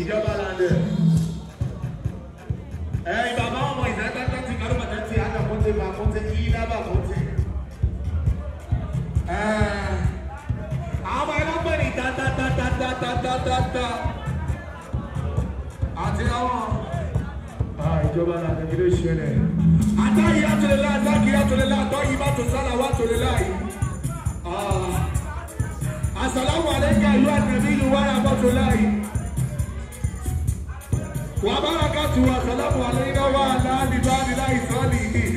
ìjọba làlẹ̀ ẹ̀yin bàbá ọmọ ìdájọ́ tẹ́tì kárùmọ̀ tẹ́tì àdàkùntì bàkùntì ìlà bàkùntì àwọn alágbèrè tatatatatatatata àti àwọn ìjọba làlẹ̀ kí ló ṣẹlẹ̀ àtàyè àtòlélá àtàkì àtòlélá àtọ́yìn bá tó sálà wà tòlélá yìí àsàlámù àlẹ́kẹ́ ìlú àtẹ̀bí ìlú wàrà bọ́tòlá yìí. وبركاته وسلام عليك وعلى ال بعد الصالحين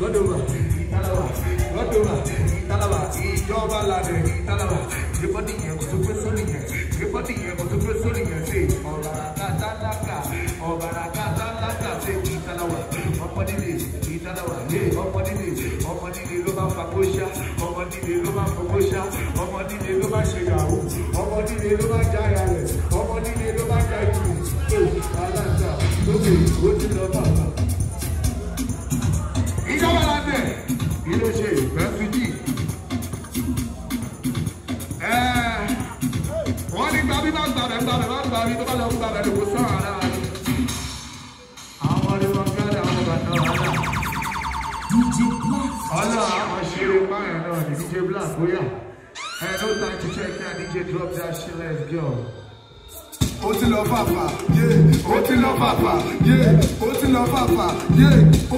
gbọdọba ìtàlàwà gbọdọba ìtàlàwà ìjọba làdẹ ìtàlàwà ìrìbọdì yẹn kò tó gbé sórí yẹn ìrìbọdì yẹn kò tó gbé sórí yẹn ṣe ọ̀bàràkà tálákà ọ̀bàràkà tálákà ṣe ìtàlàwà ọmọ nílé ìtàlàwà lé ọmọ nílé ọmọ nílé ló bá fa kóṣá ọmọ nílé ló bá fa kóṣá ọmọ nílé ló bá ṣe yàwó ọmọ nílé ló bá já yàrá ọmọ nílé ló bá já jù aláṣà lókè ojú lọ bàbá. ìjọba làbẹ̀ kí ló ṣe ìfẹ́ fìdí. wọ́n ní gbàbí bá gbàbẹ̀ gbàbẹ̀ bá gbàbí tó bá lọ gbàbẹ̀ lówó sàn ara rẹ̀. DJ Black bóyá. to check that DJ drop that shit, let's go ó ti lọ fàfà yé ó ti lọ fàfà yé ó ti lọ fàfà yé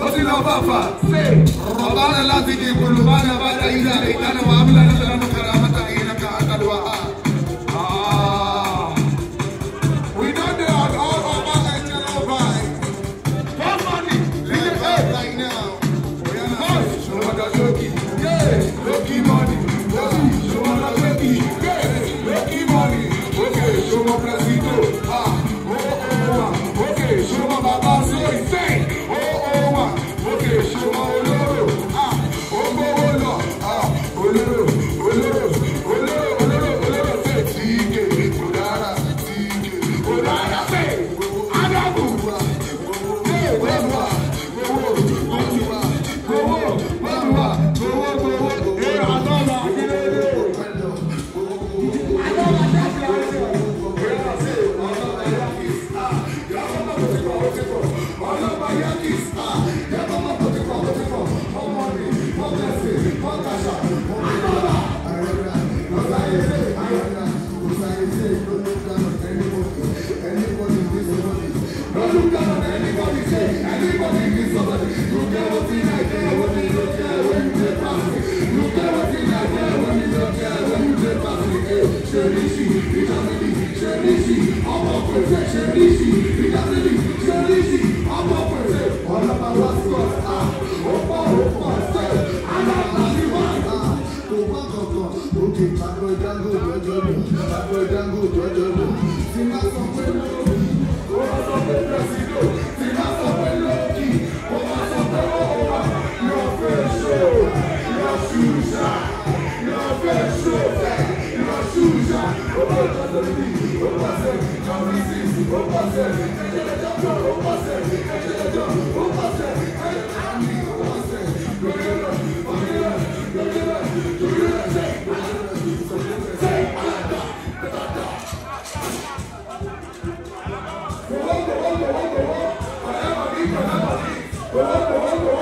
ó ti lọ fàfà. rọ̀bá rẹ̀ láti di ìpolówó bá rẹ̀ bá rẹ̀ yíyá ìdáná wà á bí lẹ́nu Cherisi, eternity, Cherisi, our perfect Cherisi, eternity, Cherisi, our perfect. opa, of our last God, ah, Opa, Opa, Sir, and our last one, ah, Opa, Opa, okay, Bako Dango, Jojo, Bako Dango, Jojo, Sima Sopelo, Opa, Sopelo, Sido. Go, go, go, go, go.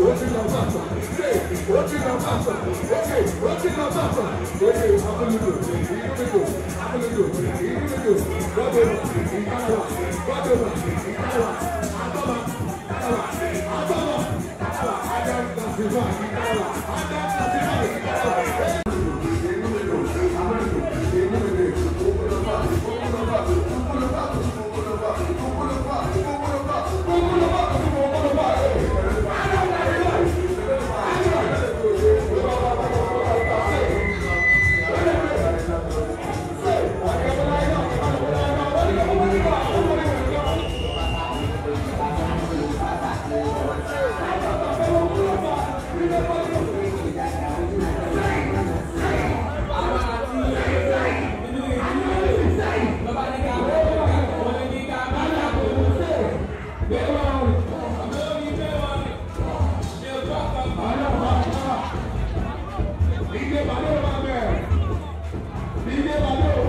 Hoje não passa. Rotino Papa, Rotate, Rotino Papa, Rotate, Apoludo, Ilumido, Apoludo, Ilumido, Rabola, Ikawa, Rabola, Ikawa, Abama, Ikawa, Abama, Ikawa, Adam, Ikawa, Ikawa, Adam,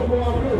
성공하기를